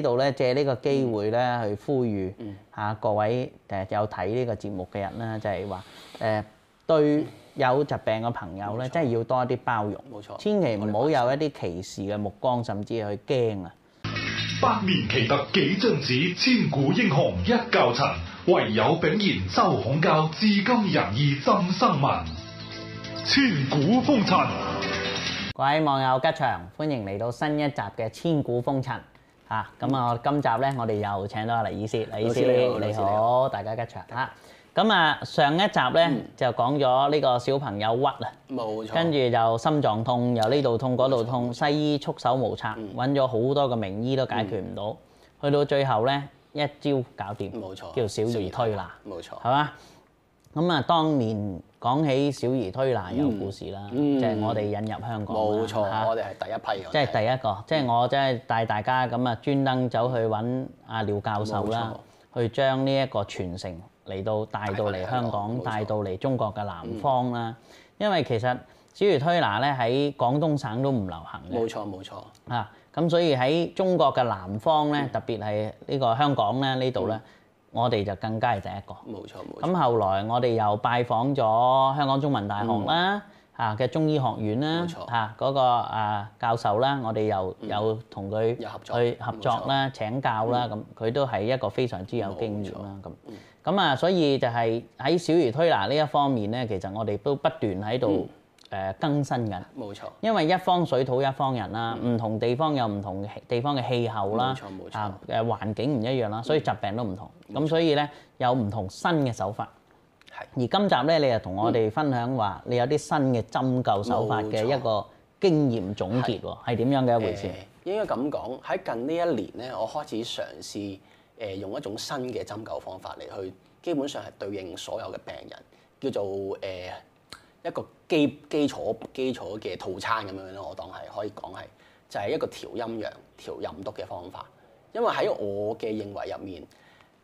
呢度咧，借呢個機會咧去呼籲吓、嗯、各位誒有睇呢個節目嘅人啦，就係話誒對有疾病嘅朋友咧，真係要多啲包容，冇錯，千祈唔好有一啲歧視嘅目光，甚至去驚啊！百年奇特幾張紙，千古英雄一窖塵，惟有炳然周孔教，至今仁義浸生民。千古風塵。各位網友吉祥，歡迎嚟到新一集嘅《千古風塵》。啊，咁啊，今集咧，我哋又請到阿黎醫師，黎醫師你好，大家吉祥。啊，咁啊，上一集咧就講咗呢個小朋友鬱啊，冇錯，跟住就心臟痛，由呢度痛嗰度痛，西醫束手無策，揾咗好多個名醫都解決唔到，去到最後咧一招搞掂，冇錯，叫小兒推拿，冇錯，係嘛？咁啊，當年。講起小兒推拿有故事啦，即係我哋引入香港，冇錯，我哋係第一批，即係第一個，即係我即係帶大家咁啊，專登走去揾阿廖教授啦，去將呢一個傳承嚟到帶到嚟香港，帶到嚟中國嘅南方啦。因為其實小兒推拿咧喺廣東省都唔流行嘅，冇錯冇錯啊。咁所以喺中國嘅南方咧，特別係呢個香港咧呢度咧。我哋就更加係第一個，冇錯。咁後來我哋又拜訪咗香港中文大學啦，嚇嘅中醫學院啦，冇錯，嚇嗰個啊教授啦，我哋又有同佢去合作啦，冇錯，請教啦，咁佢都係一個非常之有經驗啦，咁咁啊，所以就係喺小兒推拿呢一方面咧，其實我哋都不斷喺度。誒更新緊，冇錯，因為一方水土一方人啦，唔、嗯、同地方有唔同地方嘅氣候啦，冇錯，冇錯，誒環境唔一樣啦，所以疾病都唔同，咁錯所以呢，有唔同新嘅手法，錯而今集呢，你又同我哋分享話你有啲新嘅針灸手法嘅一個經驗總結喎，係點錯樣嘅一回事？呃、應該咁講喺近呢一年呢，我開始嘗試誒用一種新嘅針灸方法嚟去，基本上係對應所有嘅病人叫做誒、呃、一個。基基礎基礎嘅套餐咁樣咯，我當係可以講係就係、是、一個調陰陽、調任督嘅方法。因為喺我嘅認為入面，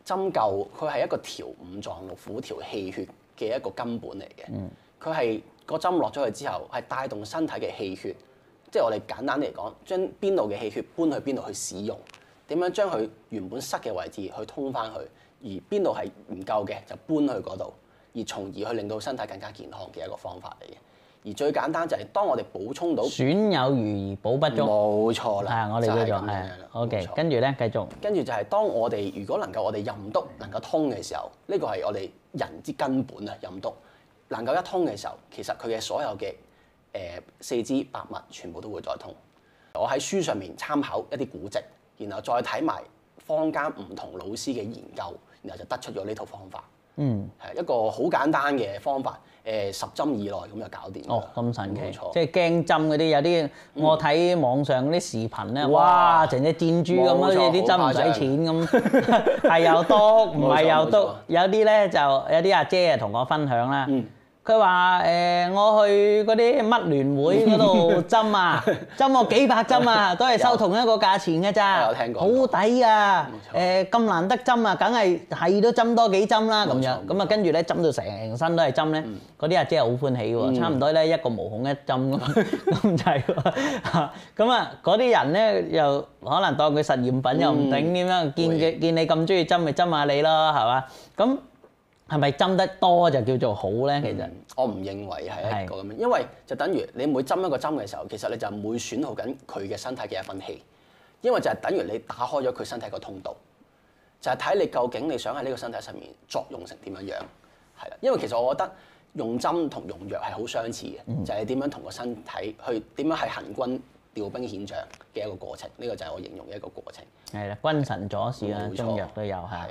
針灸佢係一個調五臟六腑、調氣血嘅一個根本嚟嘅。佢係個針落咗去之後，係帶動身體嘅氣血。即係我哋簡單嚟講，將邊度嘅氣血搬去邊度去使用，點樣將佢原本塞嘅位置去通翻去，而邊度係唔夠嘅就搬去嗰度。而從而去令到身體更加健康嘅一個方法嚟嘅，而最簡單就係當我哋補充到，損有餘而補不足，冇錯啦，係我哋叫做係啊，好嘅，跟住咧繼續，跟住就係當我哋如果能夠我哋任督能夠通嘅時候，呢個係我哋人之根本啊，任督能夠一通嘅時候，其實佢嘅所有嘅誒四肢百物全部都會再通。我喺書上面參考一啲古籍，然後再睇埋坊間唔同老師嘅研究，然後就得出咗呢套方法。嗯，係 一個好簡單嘅方法，誒十針以內咁就搞掂咯。哦，咁神奇！錯即係驚針嗰啲，有啲我睇網上啲視頻咧，嗯、哇，成隻箭豬咁，好似啲針唔使錢咁，係錯 又篤，唔係又篤，有啲咧就有啲阿姐同我分享啦。嗯佢話：誒，我去嗰啲乜聯會嗰度針啊，針我幾百針啊，都係收同一個價錢嘅咋。有聽過？好抵啊！誒，咁難得針啊，梗係係都針多幾針啦。咁樣咁啊，跟住咧針到成身都係針咧，嗰啲阿姐係好歡喜喎。差唔多咧一個毛孔一針咁滯喎。嚇！咁啊，嗰啲人咧又可能當佢實驗品又唔頂點樣，見見你咁中意針咪針下你咯，係嘛？咁。係咪針得多就叫做好咧？其實、嗯、我唔認為係一個咁樣，的因為就等於你每針一個針嘅時候，其實你就唔會損耗緊佢嘅身體嘅一分氣，因為就係等於你打開咗佢身體個通道，就係、是、睇你究竟你想喺呢個身體上面作用成點樣樣，係啦。因為其實我覺得用針同用藥係好相似嘅，嗯、就係點樣同個身體去點樣係行軍調兵遣將嘅一個過程。呢、這個就係我形容嘅一個過程。係啦，君臣佐使啦，錯中藥都有嚇。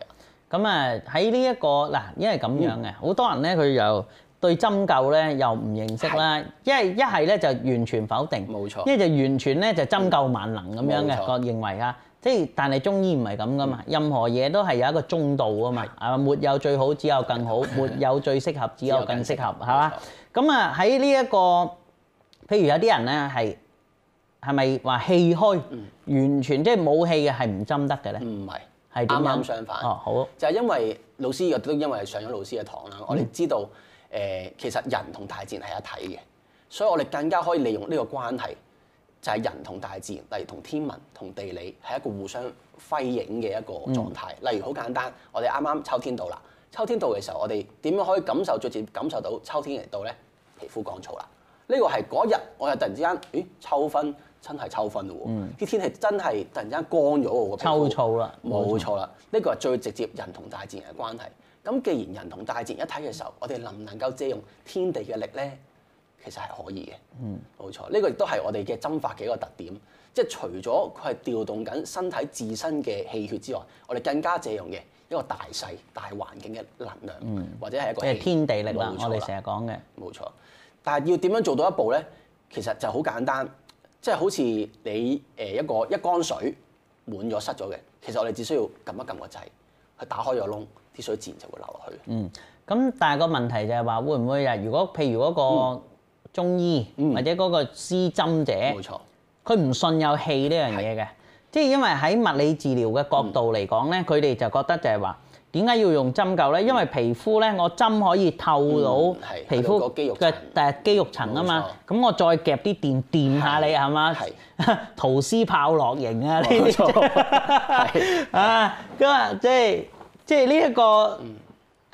咁啊，喺呢一個嗱，因為咁樣嘅，好多人咧佢又對針灸咧又唔認識啦，一係一係咧就完全否定，冇錯，因為就完全咧就針灸萬能咁樣嘅，我認為啊，即係但係中醫唔係咁噶嘛，任何嘢都係有一個中道啊嘛，係嘛？沒有最好，只有更好；沒有最適合，只有更適合，係嘛？咁啊，喺呢一個，譬如有啲人咧係係咪話氣虛，完全即係冇氣嘅係唔針得嘅咧？唔係。係啱啱相反，哦、好就係因為老師亦都因為上咗老師嘅堂啦，我哋知道誒、呃、其實人同大自然係一體嘅，所以我哋更加可以利用呢個關係，就係、是、人同大自然，例如同天文、同地理係一個互相輝映嘅一個狀態。嗯、例如好簡單，我哋啱啱秋天到啦，秋天到嘅時候，我哋點樣可以感受最直接感受到秋天嚟到咧？皮膚乾燥啦，呢、這個係嗰日我又突然之間，誒秋分。真係秋分咯喎！啲、嗯、天氣真係突然之間乾咗喎，秋燥啦，冇錯啦。呢個係最直接人同大自然嘅關係。咁、嗯、既然人同大自然一體嘅時候，我哋能唔能夠借用天地嘅力咧？其實係可以嘅，嗯，冇錯。呢個亦都係我哋嘅針法嘅一個特點，即係除咗佢係調動緊身體自身嘅氣血之外，我哋更加借用嘅一個大勢、大環境嘅能量，嗯、或者係一個即係天地力量。冇錯，我哋成日講嘅冇錯，但係要點樣做到一步咧？其實就好簡單。即係好似你誒一個一缸水滿咗塞咗嘅，其實我哋只需要撳一撳個掣，佢打開咗個窿，啲水自然就會流落去。嗯，咁但係個問題就係、是、話會唔會係如果譬如嗰個中醫、嗯、或者嗰個施針者，冇錯，佢唔信有氣呢樣嘢嘅，是即係因為喺物理治療嘅角度嚟講咧，佢哋、嗯、就覺得就係話。點解要用針灸咧？因為皮膚咧，我針可以透到皮膚嘅誒肌肉層啊嘛。咁我再夾啲電，電下你係嘛？圖斯炮烙刑啊！呢啲啊，咁啊，即係即係呢一個，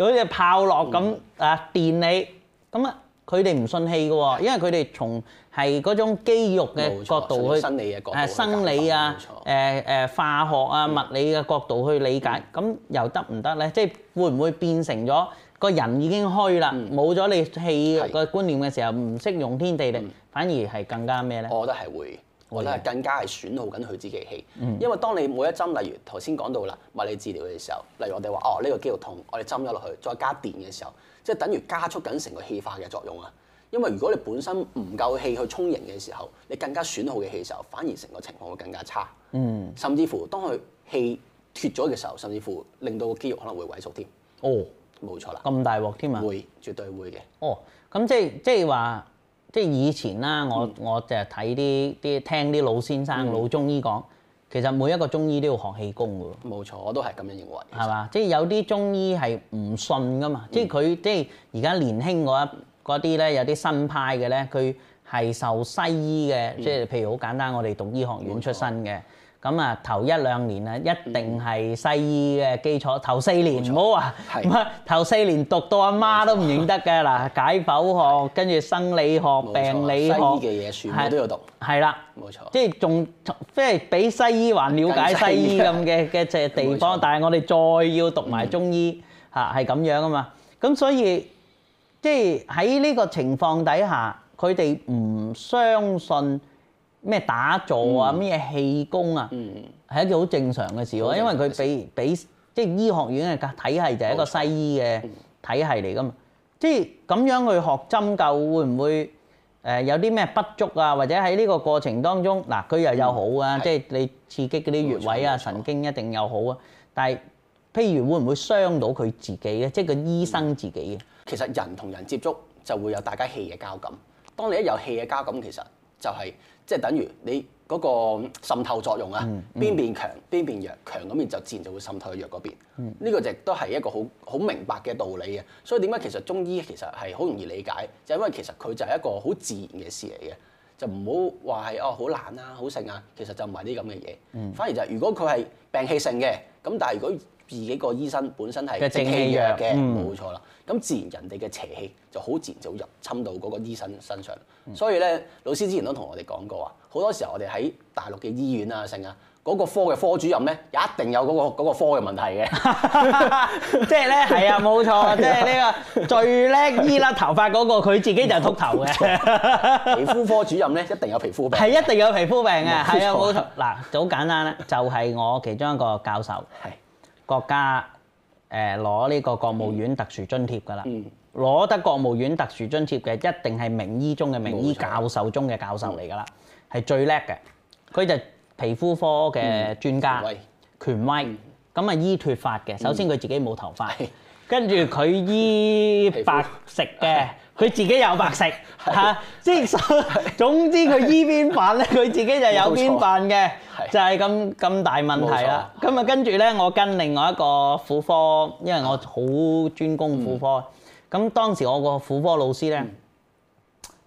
好似炮烙咁啊，電你咁啊。佢哋唔信氣㗎喎，因為佢哋從係嗰種肌肉嘅角度去，生理嘅角度去，誒生理啊，誒誒冇錯、呃、化學啊、嗯、物理嘅角度去理解，咁、嗯、又得唔得咧？即係會唔會變成咗個人已經虛啦，冇咗、嗯、你氣嘅觀念嘅時候，唔識、嗯、用天地力，嗯、反而係更加咩咧？我覺得係會，我覺得係更加係損耗緊佢自己氣，嗯、因為當你每一針，例如頭先講到啦，物理治療嘅時候，例如我哋話哦呢、呢個肌肉痛，我哋針咗落去，再加電嘅時候。即係等於加速緊成個氣化嘅作用啊！因為如果你本身唔夠氣去充盈嘅時候，你更加損耗嘅氣時候，反而成個情況會更加差。嗯，甚至乎當佢氣脫咗嘅時候，甚至乎令到個肌肉可能會萎縮添。哦，冇錯啦，咁大鑊添啊！會，絕對會嘅。哦，咁即係即係話，即係以前啦，我、嗯、我就係睇啲啲聽啲老先生、嗯、老中醫講。其實每一個中醫都要學氣功嘅喎。冇錯，我都係咁樣認為。係嘛？即係有啲中醫係唔信㗎嘛。即係佢即係而家年輕嗰一啲咧，有啲新派嘅咧，佢係受西醫嘅，即係譬如好簡單，我哋讀醫學院出身嘅。咁啊，頭一兩年啊，一定係西醫嘅基礎。頭四年唔好話，唔係頭四年讀到阿媽都唔認得嘅。嗱，解剖學、跟住生理學、病理學嘅嘢全部都有讀。係啦，冇錯，即係仲即係比西醫還了解西醫咁嘅嘅隻地方，但係我哋再要讀埋中醫嚇係咁樣啊嘛。咁所以即係喺呢個情況底下，佢哋唔相信。咩打坐啊，咩氣功啊，係一件好正常嘅事喎。因為佢俾俾即係醫學院嘅體系就係一個西醫嘅體系嚟㗎嘛。即係咁樣去學針灸會唔會誒有啲咩不足啊？或者喺呢個過程當中，嗱佢又又好啊，即係你刺激嗰啲穴位啊、神經一定又好啊。但係譬如會唔會傷到佢自己咧？即係個醫生自己嘅。其實人同人接觸就會有大家氣嘅交感。當你一有氣嘅交感，其實就係、是、即係等於你嗰個滲透作用啊，邊邊強邊邊弱，強嗰邊就自然就會滲透去弱嗰邊。呢、嗯、個就都係一個好好明白嘅道理嘅。所以點解其實中醫其實係好容易理解，就係、因為其實佢就係一個好自然嘅事嚟嘅，就唔好話係哦好難啊好盛啊，其實就唔係啲咁嘅嘢，嗯、反而就係如果佢係病氣性嘅，咁但係如果自己個醫生本身係正氣弱嘅，冇錯啦。咁自然人哋嘅邪氣就好自然就入侵到嗰個醫生身上。所以咧，老師之前都同我哋講過啊，好多時候我哋喺大陸嘅醫院啊，成啊，嗰個科嘅科主任咧，一定有嗰個科嘅問題嘅。即係咧，係啊，冇錯，即係呢個最叻醫甩頭髮嗰個，佢自己就禿頭嘅。皮膚科主任咧，一定有皮膚病。係一定有皮膚病嘅，係啊，冇錯。嗱，就好簡單啦，就係我其中一個教授。係。國家誒攞呢個國務院特殊津貼㗎啦。攞、嗯、得國務院特殊津貼嘅一定係名醫中嘅名醫、教授中嘅教授嚟㗎啦，係、嗯、最叻嘅。佢就皮膚科嘅專家，嗯、權威。咁啊、嗯、醫脫髮嘅，首先佢自己冇頭髮，跟住佢醫白蝕嘅。皮膚 佢自己有白食嚇，即係總之佢依邊辦咧，佢自己就有邊辦嘅，就係咁咁大問題啦。咁啊，跟住咧，我跟另外一個婦科，因為我好專攻婦科，咁當時我個婦科老師咧，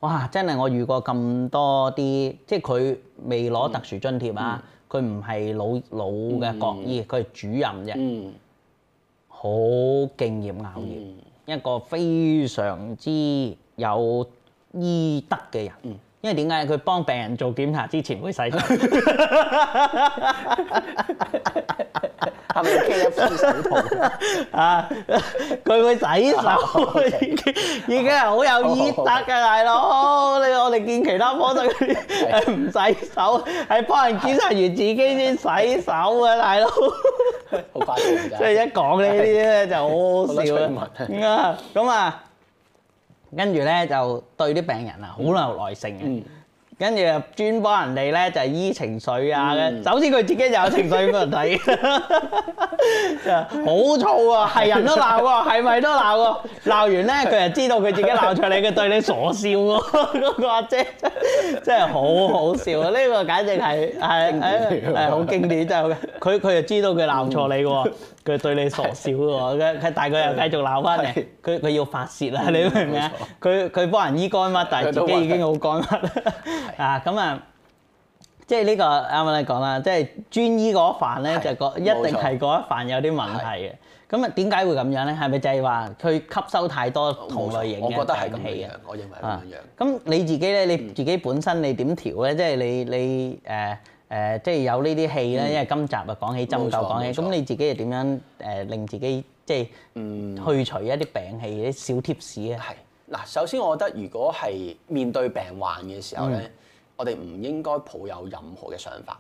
哇，真係我遇過咁多啲，即係佢未攞特殊津貼啊，佢唔係老老嘅國醫，佢係主任啫，好敬業啊，好一個非常之有醫德嘅人，嗯、因為點解佢幫病人做檢查之前會洗手？ 係咪攜一幅水啊？佢會洗手，已經已經係好有醫德嘅，大佬。你我哋見其他科室嗰啲係唔洗手，係幫人檢查完自己先洗手嘅，大佬。好掛住你係。一講呢啲咧就好好笑啊！咁啊，跟住咧就對啲病人啊好有耐性嘅。嗯跟住、就是、啊，專幫人哋咧就係醫情緒 啊！首先佢自己就有情緒俾人睇，好燥啊！係人都鬧喎、啊，係咪都鬧喎？鬧完咧，佢就知道佢自己鬧錯你，佢對你傻笑咯！ 個阿姐真真係好好笑啊！呢、呢個簡直係係係好經典，真係佢佢就知道佢鬧錯你嘅喎。嗯佢對你傻笑喎，佢佢大個又繼續鬧返你，佢佢 要發泄啦，你明唔明啊？佢佢錯幫人醫肝乜，但係自己已經好肝乜啦。啊 錯，咁啊、 嗯，即係呢個啱啱你講啦，即、就、係、是、專醫嗰一範咧，就是、一定係嗰一範有啲問題嘅。咁啊錯，點解會咁樣咧？係咪就係話佢吸收太多同類型嘅氮氣啊？我認為兩樣。咁、嗯、你自己咧，你自己本身、就是、你點調咧？即係你你誒。呃誒，即係有呢啲氣咧，因為今集又講起針灸，講起咁你自己係點樣誒令自己即係去除一啲病氣啲、嗯、小貼士啊？係嗱，首先我覺得如果係面對病患嘅時候咧，嗯、我哋唔應該抱有任何嘅想法，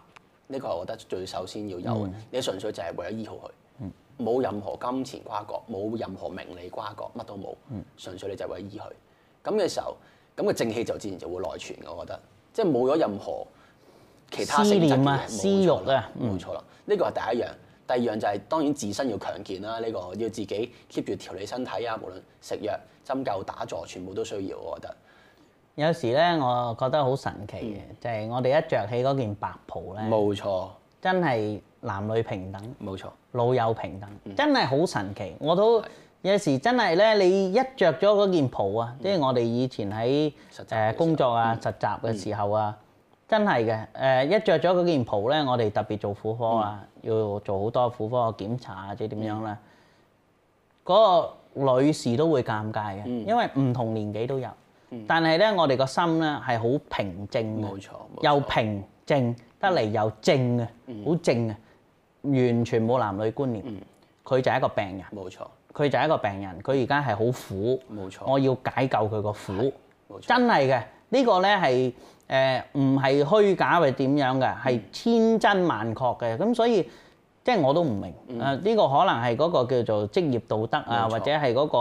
呢、呢個係我覺得最首先要有、嗯、你純粹就係為咗醫好佢，冇、嗯、任何金錢瓜葛，冇任何名利瓜葛，乜都冇，純粹你就係為咗醫佢。咁嘅時候，咁個正氣就自然就會內存。我覺得即係冇咗任何。其他性質啊，私欲啊，冇錯啦，呢個係第一樣。第二樣就係當然自身要強健啦，呢個要自己 keep 住調理身體啊，無論食藥、針灸、打坐，全部都需要。我覺得。有時咧，我覺得好神奇嘅，就係我哋一着起嗰件白袍咧，冇錯，真係男女平等，冇錯，老幼平等，真係好神奇。我都有時真係咧，你一着咗嗰件袍啊，即係我哋以前喺誒工作啊實習嘅時候啊。真係嘅，誒一着咗嗰件袍咧，我哋特別做婦科啊，要做好多婦科嘅檢查啊，即係點樣咧？嗰個女士都會尷尬嘅，因為唔同年紀都有。但係咧，我哋個心咧係好平靜嘅，又平靜得嚟又靜嘅，好靜嘅，完全冇男女觀念。佢就係一個病人，佢就係一個病人，佢而家係好苦，我要解救佢個苦，真係嘅，呢個咧係。誒唔係虛假，或點樣嘅，係千真萬確嘅。咁所以即係我都唔明啊！呢個可能係嗰個叫做職業道德啊，或者係嗰個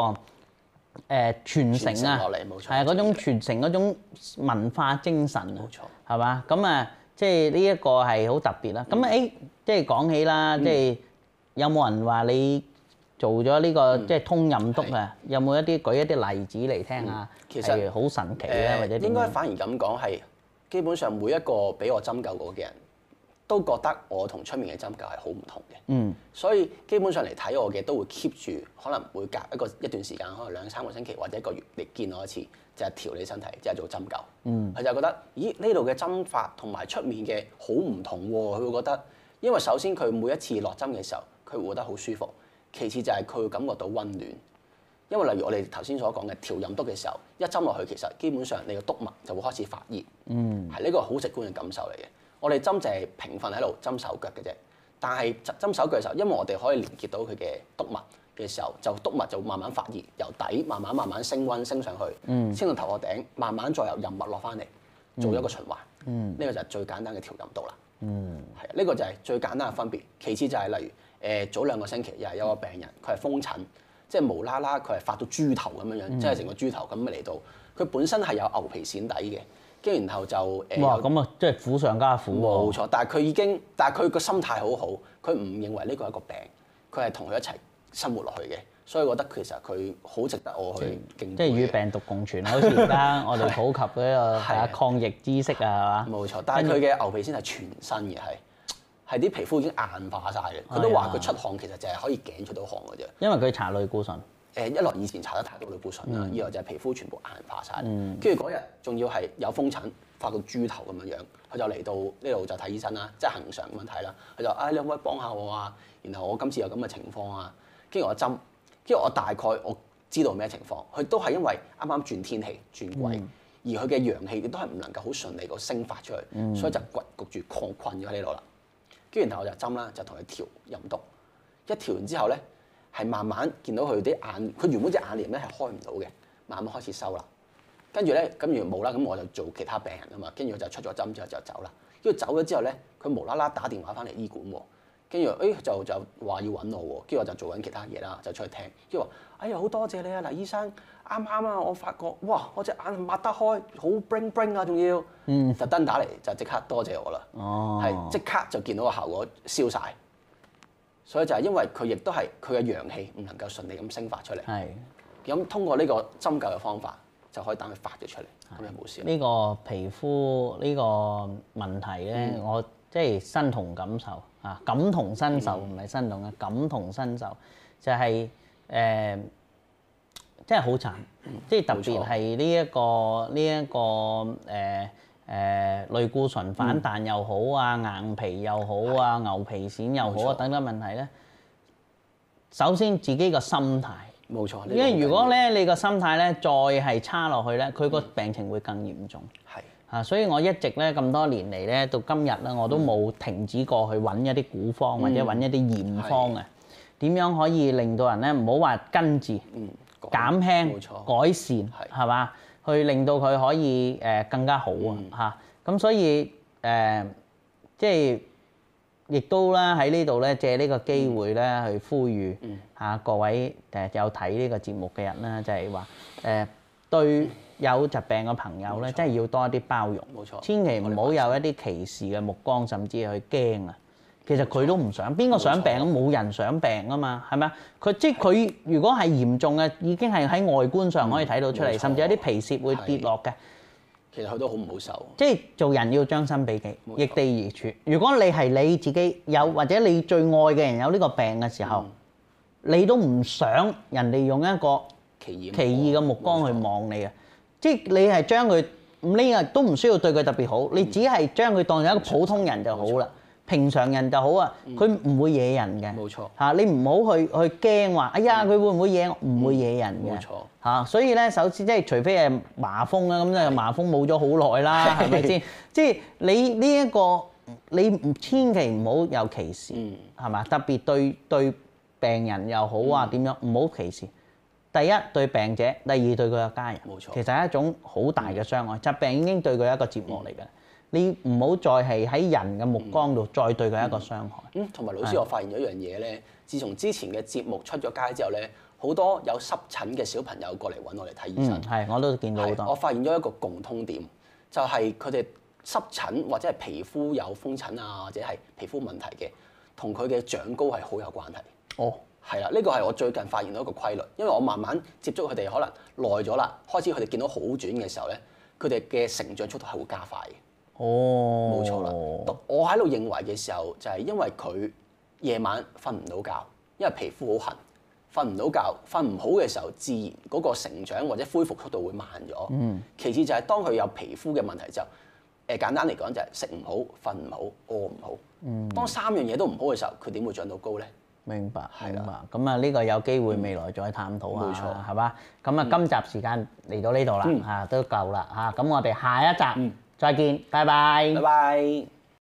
誒傳承啊，冇錯，係啊嗰種傳承嗰種文化精神啊，冇錯，係嘛？咁啊，即係呢一個係好特別啦。咁啊，誒即係講起啦，即係有冇人話你做咗呢個即係通任督啊？有冇一啲舉一啲例子嚟聽啊？其實好神奇啦，或者點？應該反而咁講係。基本上每一個俾我針灸過嘅人都覺得我同出面嘅針灸係好唔同嘅，嗯、所以基本上嚟睇我嘅都會 keep 住可能會隔一個一段時間，可能兩三個星期或者一個月嚟見我一次，就係、是、調理身體，即、就、係、是、做針灸。佢、嗯、就覺得咦呢度嘅針法同埋出面嘅好唔同，佢會覺得因為首先佢每一次落針嘅時候，佢會覺得好舒服，其次就係佢會感覺到温暖。因為例如我哋頭先所講嘅調任督嘅時候，一針落去其實基本上你個督脈就會開始發熱，嗯，係呢個好直觀嘅感受嚟嘅。我哋針就係平瞓喺度針手腳嘅啫，但係針手腳嘅時候，因為我哋可以連結到佢嘅督脈嘅時候，就督脈就會慢慢發熱，由底慢慢慢慢升温升上去，嗯，升到頭殼頂，慢慢再由任脈落翻嚟，做一個循環，嗯，呢個就係最簡單嘅調任督啦，嗯，係呢個就係最簡單嘅分別。其次就係例如誒早兩個星期又係有個病人，佢係風疹。即係無啦啦佢係發到豬頭咁樣樣，嗯、即係成個豬頭咁嚟到。佢本身係有牛皮癬底嘅，跟住然後就誒。哇！咁啊，即係苦上加苦喎。冇錯，但係佢已經，但係佢個心態好好，佢唔認為呢個係一個病，佢係同佢一齊生活落去嘅，所以我覺得其實佢好值得我去敬佩。嗯、即係與病毒共存 好似而家我哋普及呢個係啊抗疫知識啊，係嘛 的？冇錯，但係佢嘅牛皮癬係全身嘅。係。係啲皮膚已經硬化晒，嘅的，佢都話佢出汗其實就係可以頸出到汗嘅啫。因為佢搽類固醇，誒、呃、一來以前搽得太多類固醇啦，二來、嗯、就係皮膚全部硬化晒。跟住嗰日仲要係有風疹，發到豬頭咁樣樣，佢就嚟到呢度就睇醫生啦，即係恒常咁樣睇啦。佢就誒、哎、你可唔可以幫下我啊？然後我今次有咁嘅情況啊，跟住我針，跟住我大概我知道咩情況，佢都係因為啱啱轉天氣轉季，嗯、而佢嘅陽氣亦都係唔能夠好順利咁升發出去，所以就掘焗住抗困咗喺呢度啦。嗯跟住然後我就針啦，就同佢調淫毒。一調完之後咧，係慢慢見到佢啲眼，佢原本隻眼簾咧係開唔到嘅，慢慢開始收啦。跟住咧，跟住冇啦，咁我就做其他病人啊嘛。跟住我就出咗針之後就走啦。跟住走咗之後咧，佢無啦啦打電話翻嚟醫館喎。跟住，誒、哎、就就話要揾我喎。跟住我就做緊其他嘢啦，就出去聽。跟住話：哎呀，好多謝，謝你啊！嗱，黎醫生啱啱啊，剛剛我發覺哇，我隻眼擘得開，好 bling bling 啊，仲要、嗯、特登打嚟就即刻多謝我啦。哦，係即刻就見到個效果消晒。」所以就係因為佢亦都係佢嘅陽氣唔能夠順利咁升發出嚟。係咁是，通過呢個針灸嘅方法就可以等佢發咗出嚟，咁就冇事。呢、這個皮膚呢、這個問題咧，嗯、我即係身同感受。啊，感同身受唔係身同啊，感同身受就係、是、誒，真係好慘，即係、嗯、特別係呢一個呢一、這個誒誒類固醇反彈又好啊，嗯、硬皮又好啊，是牛皮癬又好啊，錯等等問題咧。首先自己個心態，冇錯。因為如果咧你個心態咧再係差落去咧，佢個病情會更嚴重。係、嗯。錯錯啊，所以我一直咧咁多年嚟咧，到今日咧，我都冇停止過去揾一啲古方或者揾一啲驗方啊，點樣可以令到人咧唔好話根治，減輕、改善係嘛，去令到佢可以誒更加好啊嚇。咁所以誒，即係亦都咧喺呢度咧，借呢個機會咧去呼籲嚇各位誒有睇呢個節目嘅人啦，就係話誒對，有疾病嘅朋友咧，真係要多一啲包容，千祈唔好有一啲歧視嘅目光，甚至去驚啊！其實佢都唔想，邊個想病？冇人想病㗎嘛，係咪啊？佢即係佢，如果係嚴重嘅，已經係喺外觀上可以睇到出嚟，甚至有啲皮屑會跌落嘅。其實佢都好唔好受。即係做人要將心比己，易地而處。如果你係你自己有，或者你最愛嘅人有呢個病嘅時候，你都唔想人哋用一個歧異嘅目光去望你嘅。即係你係將佢，呢個都唔需要對佢特別好，你只係將佢當一個普通人就好啦，嗯、平常人就好啊。佢唔會惹人嘅，冇錯嚇。你唔好去去驚話，哎呀，佢會唔會惹？唔、嗯、會惹人嘅，冇錯嚇。所以咧，首先即係除非係麻風啦，咁即係麻風冇咗好耐啦，係咪先？即係你呢、這、一個，你唔千祈唔好有歧視，係嘛、嗯？特別對對病人又好啊，點樣唔好歧視。嗯。第一對病者，第二對佢嘅家人，冇錯，其實係一種好大嘅傷害。嗯、疾病已經對佢係一個折磨嚟嘅。嗯、你唔好再係喺人嘅目光度再對佢一個傷害。嗯，同、嗯、埋老師，係。我發現咗一樣嘢咧，自從之前嘅節目出咗街之後咧，好多有濕疹嘅小朋友過嚟搵我嚟睇醫生。嗯，係，我都見到好多。我發現咗一個共通點，就係佢哋濕疹或者係皮膚有風疹啊，或者係皮膚問題嘅，同佢嘅長高係好有關係。哦。係啦，呢個係我最近發現到一個規律，因為我慢慢接觸佢哋可能耐咗啦，開始佢哋見到好轉嘅時候咧，佢哋嘅成長速度係會加快嘅。哦，冇錯啦。我喺度認為嘅時候就係、是、因為佢夜晚瞓唔到覺，因為皮膚好痕，瞓唔到覺，瞓唔好嘅時候，自然嗰個成長或者恢復速度會慢咗。嗯。Mm. 其次就係當佢有皮膚嘅問題就，誒、呃、簡單嚟講就係食唔好、瞓唔好、屙唔好。嗯。Mm. 當三樣嘢都唔好嘅時候，佢點會長到高咧？明白，明白。咁啊的，呢個有機會未來再探討下，係嘛、嗯？咁啊，今集時間嚟到呢度啦，嚇、嗯、都夠啦，嚇。咁我哋下一集再見，嗯、拜拜。拜拜。